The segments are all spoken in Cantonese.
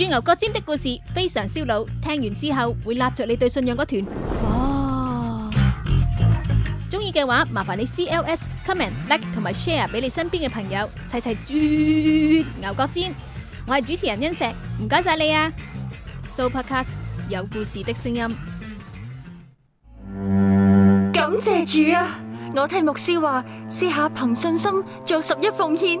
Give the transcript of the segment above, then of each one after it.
鑽牛角尖的故事非常燒腦，聽完之後會拉著你對信仰嗰團火。中意嘅話，麻煩你 CLS、Comment、Like 同埋 share 俾你身邊嘅朋友，齊齊鑽牛角尖。我係主持人恩石，唔該晒你啊！Sooopodcast 有故事的聲音，感謝主啊！我聽牧師話，試下憑信心做十一奉獻。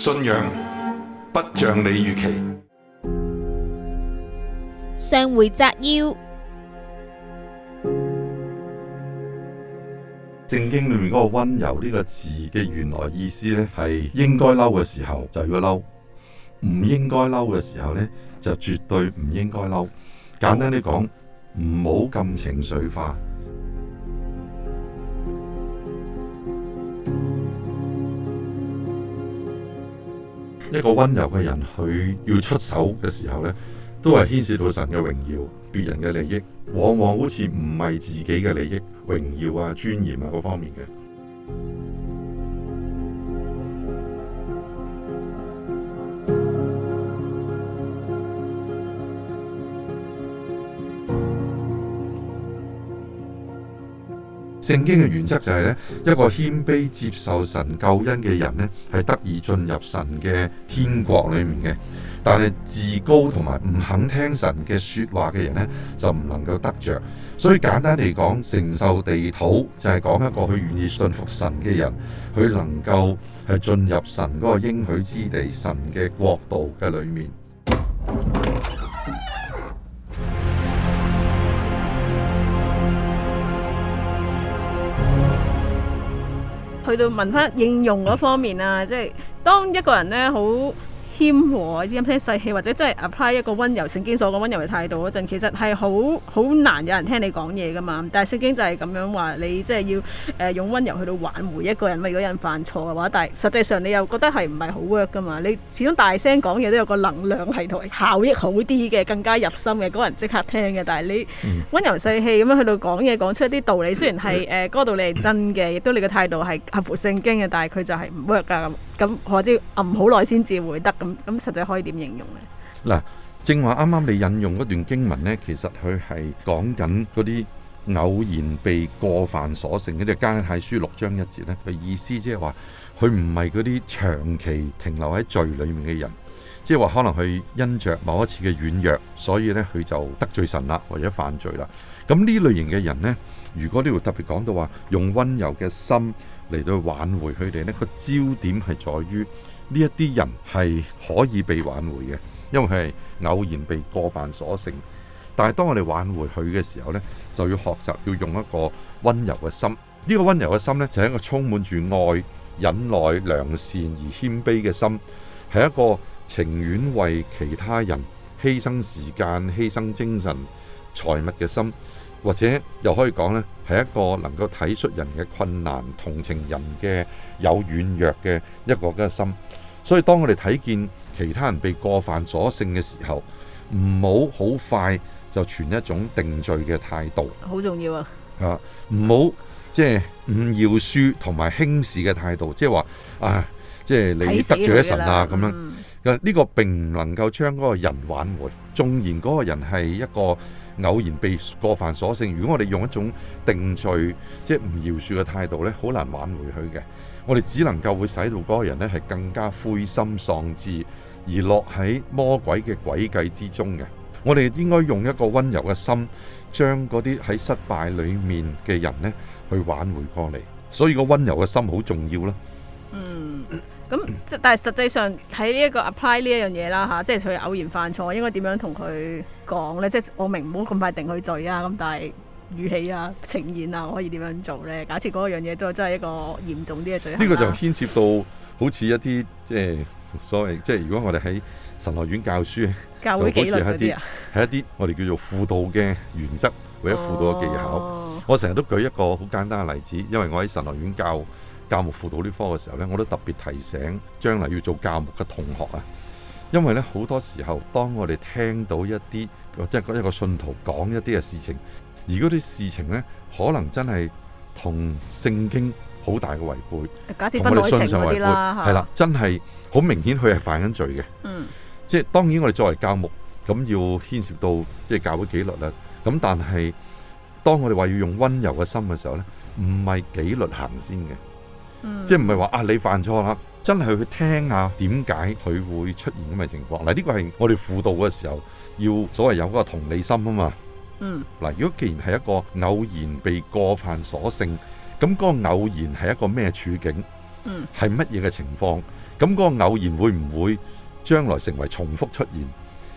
信仰不像你預期。上回摘要，聖經裏面嗰個溫柔呢個字嘅原來意思呢，係應該嬲嘅時候就要嬲，唔應該嬲嘅時候呢，就絕對唔應該嬲。簡單啲講，唔好咁情緒化。一個溫柔嘅人，佢要出手嘅時候呢，都係牽涉到神嘅榮耀、別人嘅利益，往往好似唔係自己嘅利益、榮耀啊、尊嚴啊嗰方面嘅。聖經嘅原則就係咧，一個謙卑接受神救恩嘅人咧係得以進入神嘅天國裏面嘅，但係自高同埋唔肯聽神嘅說話嘅人咧就唔能夠得着，所以簡單嚟講，承受地土就係講一個佢願意信服神嘅人，佢能夠係進入神嗰個應許之地、神嘅國度嘅裏面。去到問翻應用嗰方面啊，即係當一個人咧好謙和啲咁聽細氣，或者即係 apply 一個温柔聖經所講温柔嘅態度嗰陣，其實係好好難有人聽你講嘢噶嘛。但係聖經就係咁樣話，你即係要誒、呃、用温柔去到挽回一個人。如果有人犯錯嘅話，但係實際上你又覺得係唔係好 work 噶嘛？你始終大聲講嘢都有個能量係同效益好啲嘅，更加入心嘅，嗰人即刻聽嘅。但係你温柔細氣咁樣去到講嘢，講出一啲道理，雖然係誒嗰個道理係真嘅，亦都你嘅態度係合乎聖經嘅，但係佢就係唔 work 噶咁。咁我知暗好耐先至會得咁，實際可以點形容呢？嗱，正話啱啱你引用嗰段經文呢，其實佢係講緊嗰啲偶然被過犯所成嗰隻《加拉太書》六章一節呢，個意思即係話佢唔係嗰啲長期停留喺罪裏面嘅人，即係話可能佢因着某一次嘅軟弱，所以呢，佢就得罪神啦，或者犯罪啦。咁呢類型嘅人呢，如果呢度特別講到話用温柔嘅心嚟到挽回佢哋呢，個焦點係在於。呢一啲人係可以被挽回嘅，因為佢係偶然被過犯所勝。但係當我哋挽回佢嘅時候呢，就要學習要用一個温柔嘅心。呢、這個温柔嘅心呢，就係一個充滿住愛、忍耐、良善而謙卑嘅心，係一個情願為其他人犧牲時間、犧牲精神、財物嘅心。或者又可以講呢，係一個能夠睇出人嘅困難、同情人嘅有軟弱嘅一個嘅心。所以當我哋睇見其他人被過犯所勝嘅時候，唔好好快就傳一種定罪嘅態度。好重要啊！啊，唔好即係唔要輸同埋輕視嘅態度，即係話啊，即、就、係、是、你得罪咗神啊咁、嗯、樣。呢、這個並唔能夠將嗰個人挽回，縱然嗰個人係一個。偶然被過犯所勝，如果我哋用一種定罪，即係唔饒恕嘅態度呢，好難挽回佢嘅。我哋只能夠會使到嗰個人呢係更加灰心喪志，而落喺魔鬼嘅詭計之中嘅。我哋應該用一個温柔嘅心，將嗰啲喺失敗裏面嘅人呢去挽回過嚟。所以個温柔嘅心好重要啦。嗯。咁即但係實際上睇呢一個 apply 呢一樣嘢啦嚇，即係佢偶然犯錯，我應該點樣同佢講咧？即係我明，唔好咁快定佢罪啊！咁但係語氣啊、呈現啊，我可以點樣做咧？假設嗰樣嘢都真係一個嚴重啲嘅罪，呢個就牽涉到好似一啲即係所謂即係，如果我哋喺神學院教書，教會就好似一啲係一啲我哋叫做輔導嘅原則，或者輔導嘅技巧。哦、我成日都舉一個好簡單嘅例子，因為我喺神學院教。教牧輔導呢科嘅時候咧，我都特別提醒將來要做教牧嘅同學啊，因為咧好多時候，當我哋聽到一啲，即係一個信徒講一啲嘅事情，而嗰啲事情咧，可能真係同聖經好大嘅違背，同我哋信上違背，係啦，真係好明顯佢係犯緊罪嘅。嗯，即係當然我哋作為教牧，咁要牽涉到即係教會紀律啦。咁但係當我哋話要用温柔嘅心嘅時候咧，唔係紀律行先嘅。嗯、即係唔係話啊你犯錯啦，真係去聽下點解佢會出現咁嘅情況。嗱，呢個係我哋輔導嘅時候要所謂有嗰個同理心啊嘛。嗯，嗱，如果既然係一個偶然被過犯所勝，咁嗰個偶然係一個咩處境？嗯，係乜嘢嘅情況？咁嗰個偶然會唔會將來成為重複出現？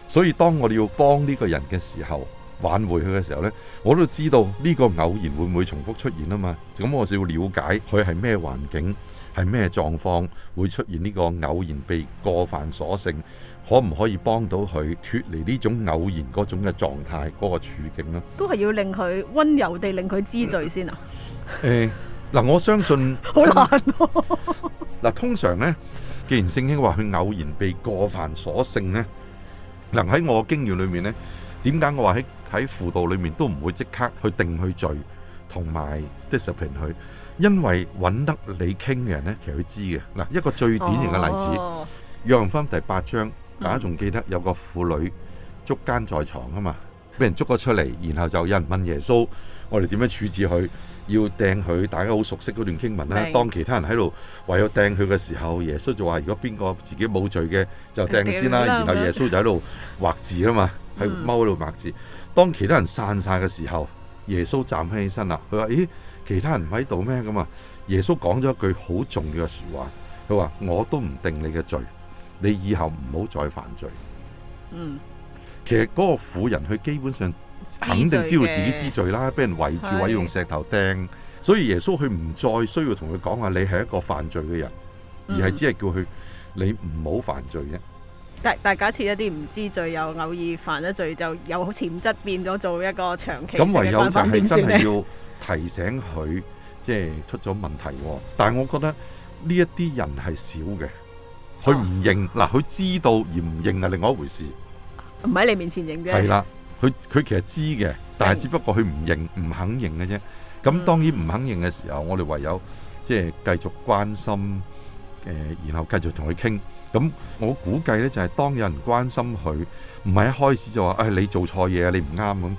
所以當我哋要幫呢個人嘅時候。挽回佢嘅時候呢，我都知道呢個偶然會唔會重複出現啊嘛？咁我就要了解佢係咩環境，係咩狀況會出現呢個偶然被過犯所勝，可唔可以幫到佢脫離呢種偶然嗰種嘅狀態，嗰、那個處境咧？都係要令佢溫柔地令佢知罪先啊？誒、嗯，嗱、欸呃，我相信好難咯。嗱、 嗯呃，通常呢，既然聖兄話佢偶然被過犯所勝呢，能、呃、喺我經驗裏面呢，點解我話喺？喺輔導裏面都唔會即刻去定佢罪，同埋 discipline 佢，因為揾得你傾嘅人呢，其實佢知嘅。嗱，一個最典型嘅例子、oh.，約翰福音第八章，大家仲記得有個婦女捉奸在床啊嘛，俾人捉咗出嚟，然後就有人問耶穌：我哋點樣處置佢？要掟佢？大家好熟悉嗰段經文啦。當其他人喺度為咗掟佢嘅時候，耶穌就話：如果邊個自己冇罪嘅，就掟先啦。然後耶穌就喺度畫字啊嘛，喺踎喺度畫字。當其他人散晒嘅時候，耶穌站起身啦。佢話：咦，其他人唔喺度咩咁啊？耶穌講咗一句好重要嘅說話，佢話：我都唔定你嘅罪，你以後唔好再犯罪。嗯，其實嗰個婦人佢基本上肯定知道自己知罪啦，俾人圍住，或者的用石頭掟，所以耶穌佢唔再需要同佢講話，你係一個犯罪嘅人，嗯、而係只係叫佢你唔好犯罪啫。但大家假設一啲唔知罪又偶爾犯咗罪，就有潛質變咗做一個長期嘅犯法分子咧。咁唯有就係真係要提醒佢，即係 出咗問題。但係我覺得呢一啲人係少嘅，佢唔認嗱，佢、啊、知道而唔認係另外一回事，唔喺你面前認啫。係啦，佢佢其實知嘅，但係只不過佢唔認、唔肯認嘅啫。咁當然唔肯認嘅時候，嗯、我哋唯有即係繼續關心誒、呃，然後繼續同佢傾。咁我估計呢，就係當有人關心佢，唔係一開始就話，哎，你做錯嘢啊，你唔啱咁，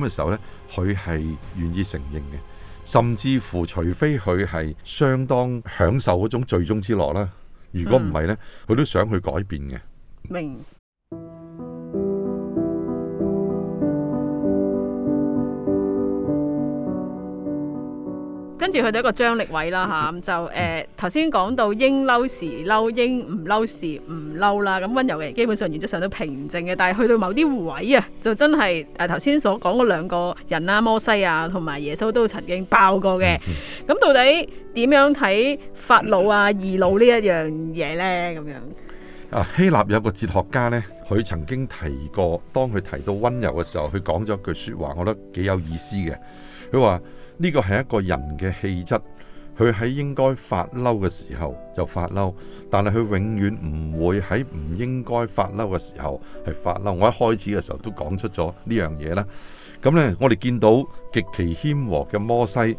咁嘅時候呢，佢係願意承認嘅，甚至乎除非佢係相當享受嗰種罪中之樂啦，如果唔係呢，佢都想去改變嘅。明。跟住去到一個張力位啦吓，就誒，頭先講到應嬲時嬲應，唔嬲時唔嬲啦。咁溫柔嘅人，基本上原則上都平靜嘅。但係去到某啲位啊，就真係誒，頭先所講嗰兩個人啊，摩西啊，同埋耶穌都曾經爆過嘅。咁到底點樣睇法老啊、義怒呢一樣嘢咧？咁樣啊？希臘有個哲學家咧，佢曾經提過，當佢提到溫柔嘅時候，佢講咗一句說話，我覺得幾有意思嘅。佢話。呢個係一個人嘅氣質，佢喺應該發嬲嘅時候就發嬲，但係佢永遠唔會喺唔應該發嬲嘅時候係發嬲。我一開始嘅時候都講出咗呢樣嘢啦。咁呢，我哋見到極其謙和嘅摩西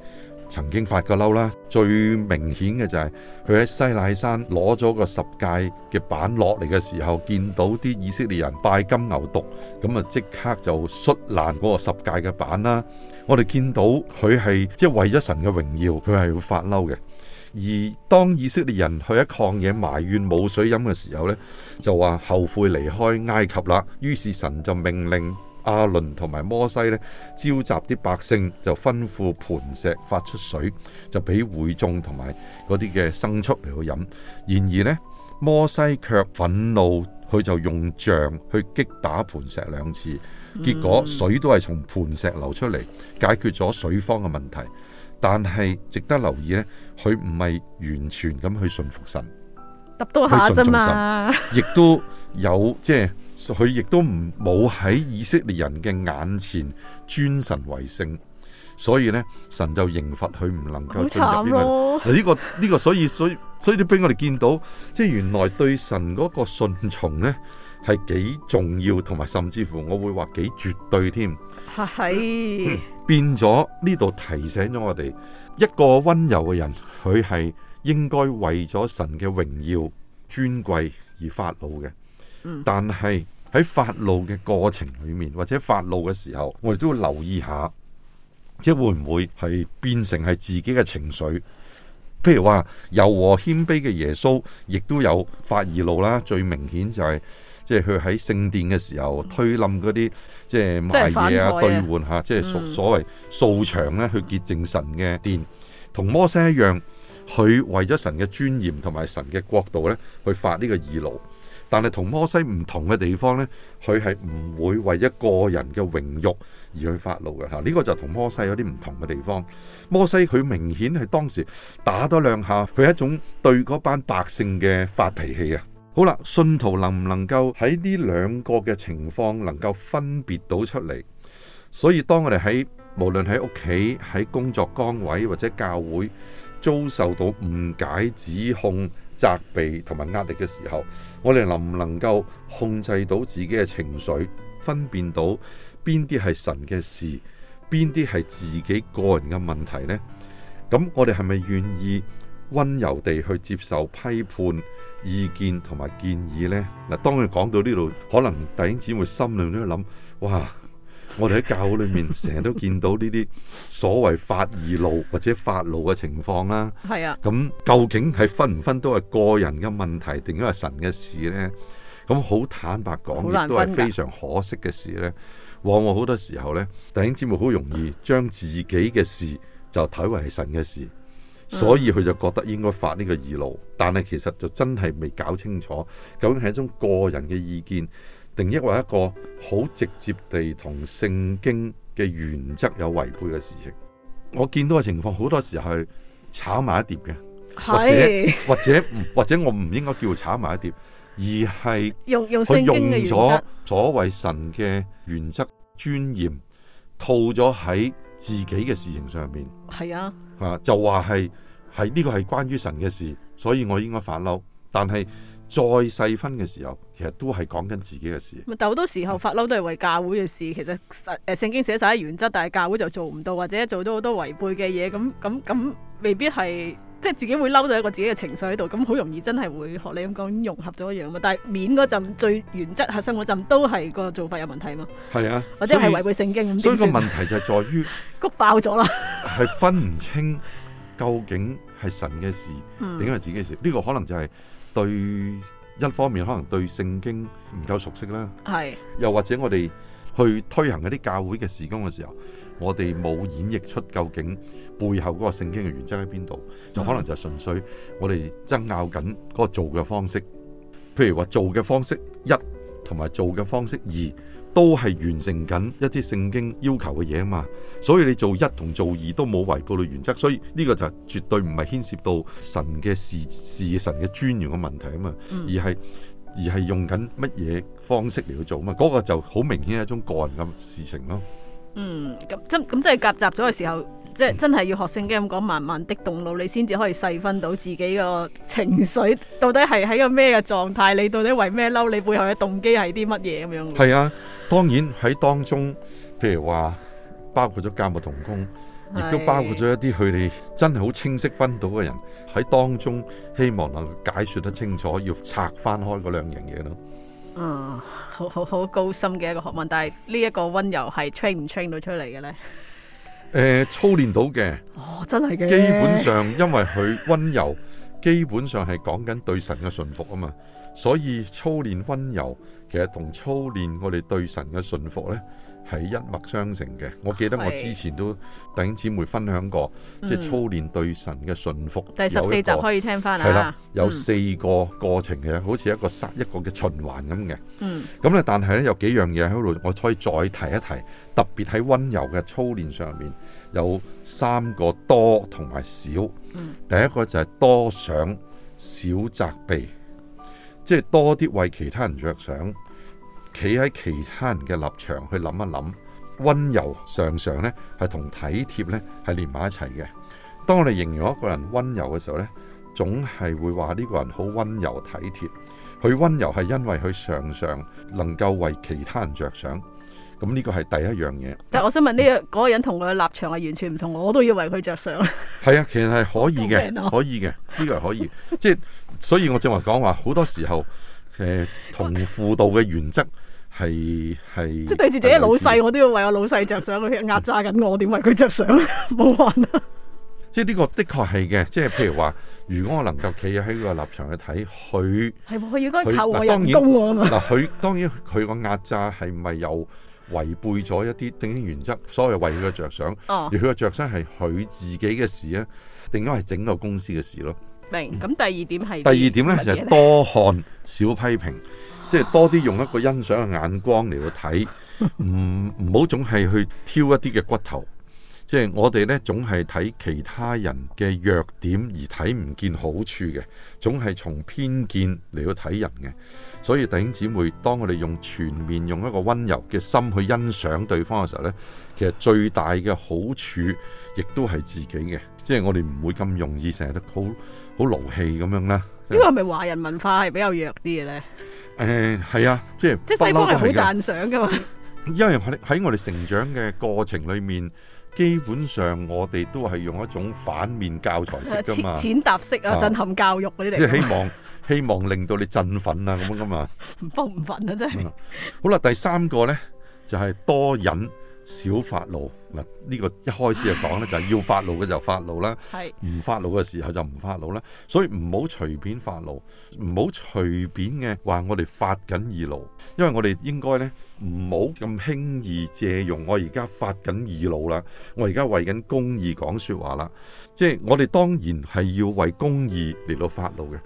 曾經發過嬲啦。最明顯嘅就係佢喺西奈山攞咗個十戒嘅板落嚟嘅時候，見到啲以色列人拜金牛犢咁啊，即刻就摔爛嗰個十戒嘅板啦。我哋見到佢係即係為咗神嘅榮耀，佢係會發嬲嘅。而當以色列人去喺曠野埋怨冇水飲嘅時候呢，就話後悔離開埃及啦。於是神就命令亞倫同埋摩西呢，召集啲百姓，就吩咐磐石發出水，就俾會眾同埋嗰啲嘅牲畜嚟去飲。然而呢，摩西卻憤怒。佢就用杖去擊打磐石兩次，結果水都係從磐石流出嚟，解決咗水方嘅問題。但係值得留意呢，佢唔係完全咁去順服神，揼多下啫嘛，亦都有，即係佢亦都唔冇喺以色列人嘅眼前尊神為聖。所以咧，神就刑罰佢唔能夠進入呢、呢個。呢、呢個所以所以所以你俾我哋見到，即係原來對神嗰個順從咧係幾重要，同埋甚至乎我會話幾絕對添。係的、嗯、變咗呢度提醒咗我哋，一個溫柔嘅人，佢係應該為咗神嘅榮耀尊貴而發怒嘅。嗯、但係喺發怒嘅過程裏面，或者發怒嘅時候，我哋都要留意下。即係會唔會係變成係自己嘅情緒？譬如話柔和謙卑嘅耶穌，亦都有發義怒啦。最明顯就係、是、即係佢喺聖殿嘅時候推冧嗰啲即係賣嘢啊，兌換下即係所所謂掃場咧，嗯、去潔淨神嘅殿。同摩西一樣，佢為咗神嘅尊嚴同埋神嘅國度咧，去發呢個義怒。但係同摩西唔同嘅地方咧，佢係唔會為一個人嘅榮辱，而去發怒嘅嚇，呢個就同摩西有啲唔同嘅地方。摩西佢明顯係當時打多兩下，佢係一種對嗰班百姓嘅發脾氣啊。好啦，信徒能唔能夠喺呢兩個嘅情況能夠分別到出嚟？所以當我哋喺無論喺屋企、喺工作崗位或者教會遭受到誤解、指控、責備同埋壓力嘅時候，我哋能唔能夠控制到自己嘅情緒，分辨到？邊啲係神嘅事，邊啲係自己個人嘅問題呢？咁我哋係咪願意溫柔地去接受批判、意見同埋建議呢？嗱，當然講到呢度，可能弟兄姊妹心裏都諗，哇，我哋喺教裏面成日都見到呢啲所謂發義怒或者發怒嘅情況啦。係啊。咁究竟係分唔分都係個人嘅問題，定係神嘅事呢？咁好坦白講，亦都係非常可惜嘅事呢。往往好多時候呢，弟兄姊妹好容易將自己嘅事就睇為係神嘅事，所以佢就覺得應該發呢個義怒。但係其實就真係未搞清楚，究竟係一種個人嘅意見，定抑或一個好直接地同聖經嘅原則有違背嘅事情。我見到嘅情況好多時候係炒埋一碟嘅，或者是或者，或者我唔應該叫炒埋一碟。而係佢用咗所謂神嘅原則尊嚴，套咗喺自己嘅事情上面。係啊，吓就話係係呢個係關於神嘅事，所以我應該發嬲。但係再細分嘅時候，其實都係講緊自己嘅事。但好多時候發嬲都係為教會嘅事。嗯、其實誒聖經寫晒啲原則，但係教會就做唔到，或者做到好多違背嘅嘢，咁咁咁未必係。即係自己會嬲到一個自己嘅情緒喺度，咁好容易真係會學你咁講，融合咗一樣嘛。但係面嗰陣最原則核心嗰陣都係個做法有問題嘛。係啊，或者係違背聖經咁。所以，所以個問題就係在於 谷爆咗啦。係分唔清究竟係神嘅事定係、嗯、自己嘅事。呢、這個可能就係對一方面可能對聖經唔夠熟悉啦。係是。又或者我哋去推行嗰啲教會嘅事工嘅時候。我哋冇演繹出究竟背後嗰個聖經嘅原則喺邊度，就可能就純粹我哋爭拗緊嗰個做嘅方式。譬如話做嘅方式一，同埋做嘅方式二，都係完成緊一啲聖經要求嘅嘢啊嘛。所以你做一同做二都冇違背到原則，所以呢個就絕對唔係牽涉到神嘅事事神嘅尊嚴嘅問題啊嘛，而係而係用緊乜嘢方式嚟去做啊嘛，嗰個就好明顯係一種個人嘅事情咯。嗯，咁即咁真係夾雜咗嘅時候，即係真係要學聖經咁講，慢慢的動怒，你先至可以細分到自己個情緒到底係喺個咩嘅狀態，你到底為咩嬲，你背後嘅動機係啲乜嘢咁樣。係啊、嗯，當然喺當中，譬如話包括咗教牧同工，亦都包括咗一啲佢哋真係好清晰分到嘅人，喺當中希望能解說得清楚，要拆翻開嗰兩樣嘢咯。嗯，好好好高深嘅一個學問，但係呢一個温柔係 train 唔 train 到出嚟嘅咧？誒、呃，操練到嘅，哦，真係嘅，基本上因為佢温柔，基本上係講緊對神嘅順服啊嘛，所以操練温柔，其實同操練我哋對神嘅順服咧。係一脈相承嘅，我記得我之前都弟兄姊妹分享過，嗯、即係操練對神嘅順服。第十四集可以聽翻啊，係啦，有四個過程嘅，嗯、好似一個殺一個嘅循環咁嘅。嗯，咁咧，但係咧有幾樣嘢喺度，我可以再提一提。特別喺溫柔嘅操練上面，有三個多同埋少。嗯、第一個就係多想，少責備，即係多啲為其他人着想。企喺其他人嘅立場去諗一諗，温柔常常呢係同體貼呢係連埋一齊嘅。當我哋形容一個人温柔嘅時候呢，總係會話呢個人好温柔體貼。佢温柔係因為佢常常能夠為其他人着想。咁呢個係第一樣嘢。但我想問呢個人同佢嘅立場係完全唔同，我都要為佢着想？係 啊，其實係可以嘅，可以嘅，呢個係可以。 即係所以我，我正話講話好多時候，誒同輔導嘅原則。 係係，即係對住自己老細，我都要為我老細着想，佢壓榨緊我，點 為佢着想？冇可能。即係呢個的確係嘅，即係譬如話，如果我能夠企喺佢個立場去睇佢，係佢要嗰個客戶有公我嘛？嗱，佢當然佢個壓榨係咪又違背咗一啲正經原則？所以為佢着想，哦、而佢着想係佢自己嘅事啊，定咗係整個公司嘅事咯？明。咁第二點係第二點咧，呢就係多看少批評。即係多啲用一個欣賞嘅眼光嚟去睇，唔唔好總係去挑一啲嘅骨頭。即係我哋呢，總係睇其他人嘅弱點而睇唔見好處嘅，總係從偏見嚟去睇人嘅。所以弟兄姊妹，當我哋用全面、用一個溫柔嘅心去欣賞對方嘅時候呢，其實最大嘅好處亦都係自己嘅。即係我哋唔會咁容易成日都好好勞氣咁樣啦。呢個係咪華人文化係比較弱啲嘅呢？誒，係、嗯、啊，即係西方係好讚賞噶嘛？因為喺喺我哋成長嘅過程裏面，基本上我哋都係用一種反面教材式噶嘛，淺淺踏式啊，震撼教育啲、啊、嚟。即係、啊就是、希望 希望令到你振奮啊咁樣噶嘛，都唔奮啊真係。好啦，第三個咧就係、是、多忍。少發怒嗱，呢、這個一開始就講咧，就係、是、要發怒嘅就發怒啦，唔發怒嘅時候就唔發怒啦，所以唔好隨便發怒，唔好隨便嘅話我哋發緊義怒，因為我哋應該咧唔好咁輕易借用我而家發緊義怒啦，我而家為緊公義講説話啦。即係我哋當然係要為公義嚟到發怒嘅，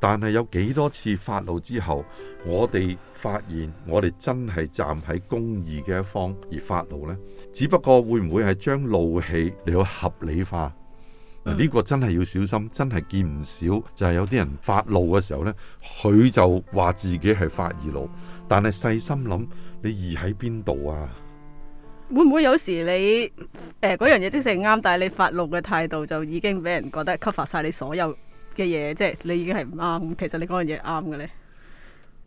但係有幾多次發怒之後，我哋發現我哋真係站喺公義嘅一方而發怒呢？只不過會唔會係將怒氣嚟到合理化？嗱，呢個真係要小心，真係見唔少就係有啲人發怒嘅時候呢，佢就話自己係發義怒，但係細心諗，你義喺邊度啊？會唔會有時你誒嗰樣嘢，即使啱，但係你發怒嘅態度就已經俾人覺得 cover 晒你所有嘅嘢，即係你已經係唔啱。其實你嗰樣嘢啱嘅咧，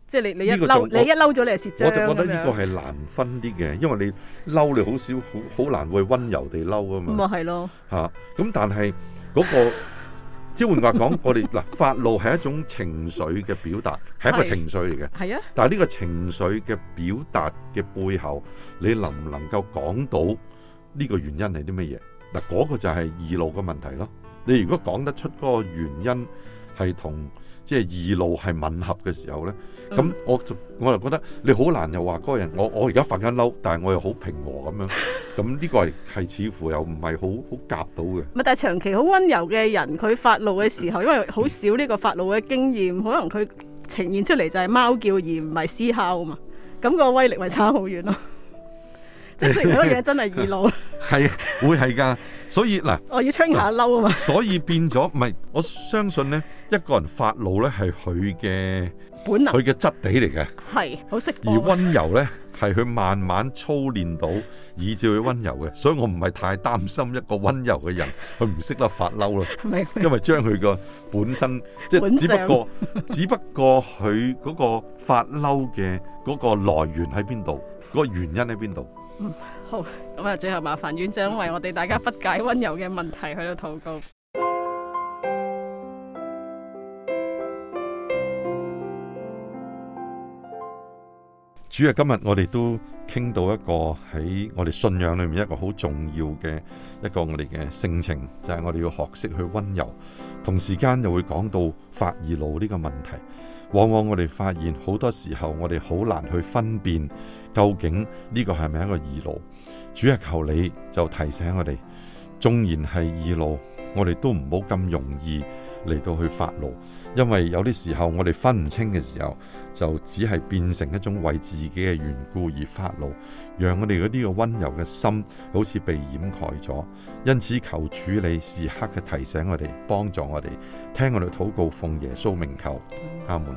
即係你你一嬲，你一嬲咗你係蝕我，我就覺得呢個係難分啲嘅，因為你嬲，你好少好好難會溫柔地嬲啊嘛。咁啊係咯吓，咁但係嗰、嗰個。 即係換話講，我哋嗱發怒係一種情緒嘅表達，係一個情緒嚟嘅。係啊，但係呢個情緒嘅表達嘅背後，你能唔能夠講到呢個原因係啲乜嘢？嗱，嗰個就係義怒嘅問題咯。你如果講得出嗰個原因係同，即係義怒係吻合嘅時候咧，咁我就我就覺得你好難又話嗰個人，我我而家發緊嬲，但係我又好平和咁樣，咁呢個係係似乎又唔係好好夾到嘅。唔係，但係長期好溫柔嘅人，佢發怒嘅時候，因為好少呢個發怒嘅經驗，可能佢呈現出嚟就係貓叫而唔係獅吼啊嘛，咁個威力咪差好遠咯。即係如果嘢真係易嬲，係會係㗎，所以嗱，我要 train 下嬲啊嘛。所以變咗唔係我相信咧，一個人發怒咧係佢嘅本能，佢嘅質地嚟嘅係好識。而温柔咧係佢慢慢操練到以至佢温柔嘅，所以我唔係太擔心一個温柔嘅人佢唔識得發嬲囉。係咪？因為將佢個本身即係只不過只不過佢嗰個發嬲嘅嗰個來源喺邊度，嗰個原因喺邊度。嗯、好。咁啊，最後麻煩院長為我哋大家不解温柔嘅問題去到禱告。主要今日我哋都傾到一個喺我哋信仰裏面一個好重要嘅一個我哋嘅性情，就係我哋要學識去温柔。同時間又會講到發義怒呢個問題，往往我哋發現好多時候我哋好難去分辨。究竟呢個係咪一個義怒？主日求你就提醒我哋，縱然係義怒，我哋都唔好咁容易嚟到去發怒，因為有啲時候我哋分唔清嘅時候，就只係變成一種為自己嘅緣故而發怒，讓我哋嗰啲嘅溫柔嘅心好似被掩蓋咗。因此求主你時刻嘅提醒我哋，幫助我哋聽我哋禱告，奉耶穌名求，阿門。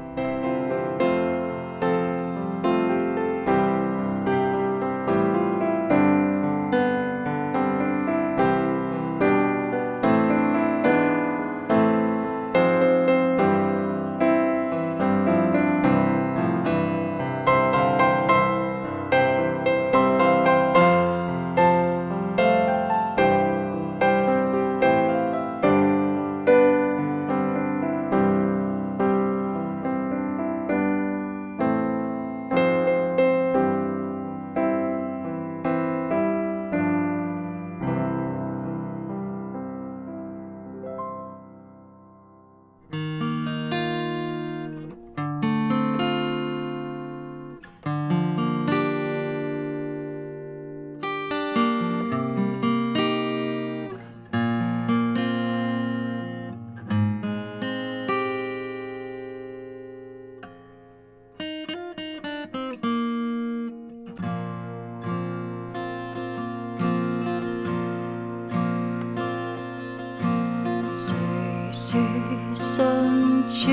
主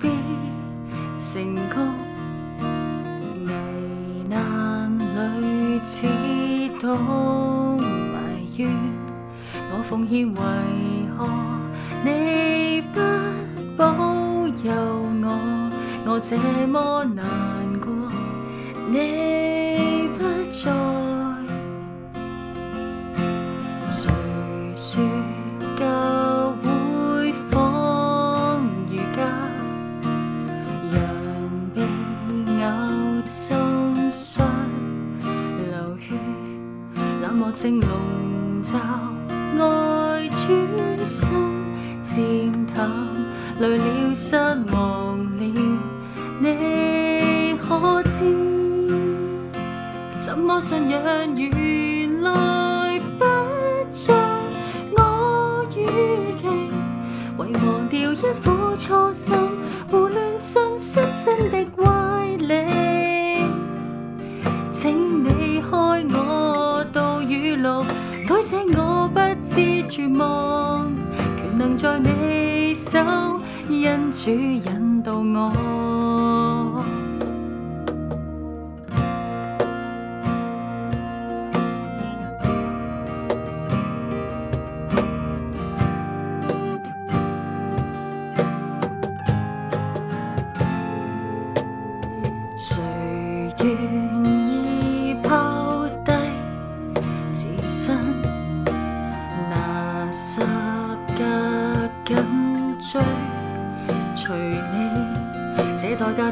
必成功，危難裏只懂埋怨。我奉獻為何你不保佑我？我這麼難過，你。怎麼信仰原來不像我預期，為忘掉一顆初心，胡亂信失真的歪理。請你開我道與路，改寫我不知絕望，權能在你手，因主引導我。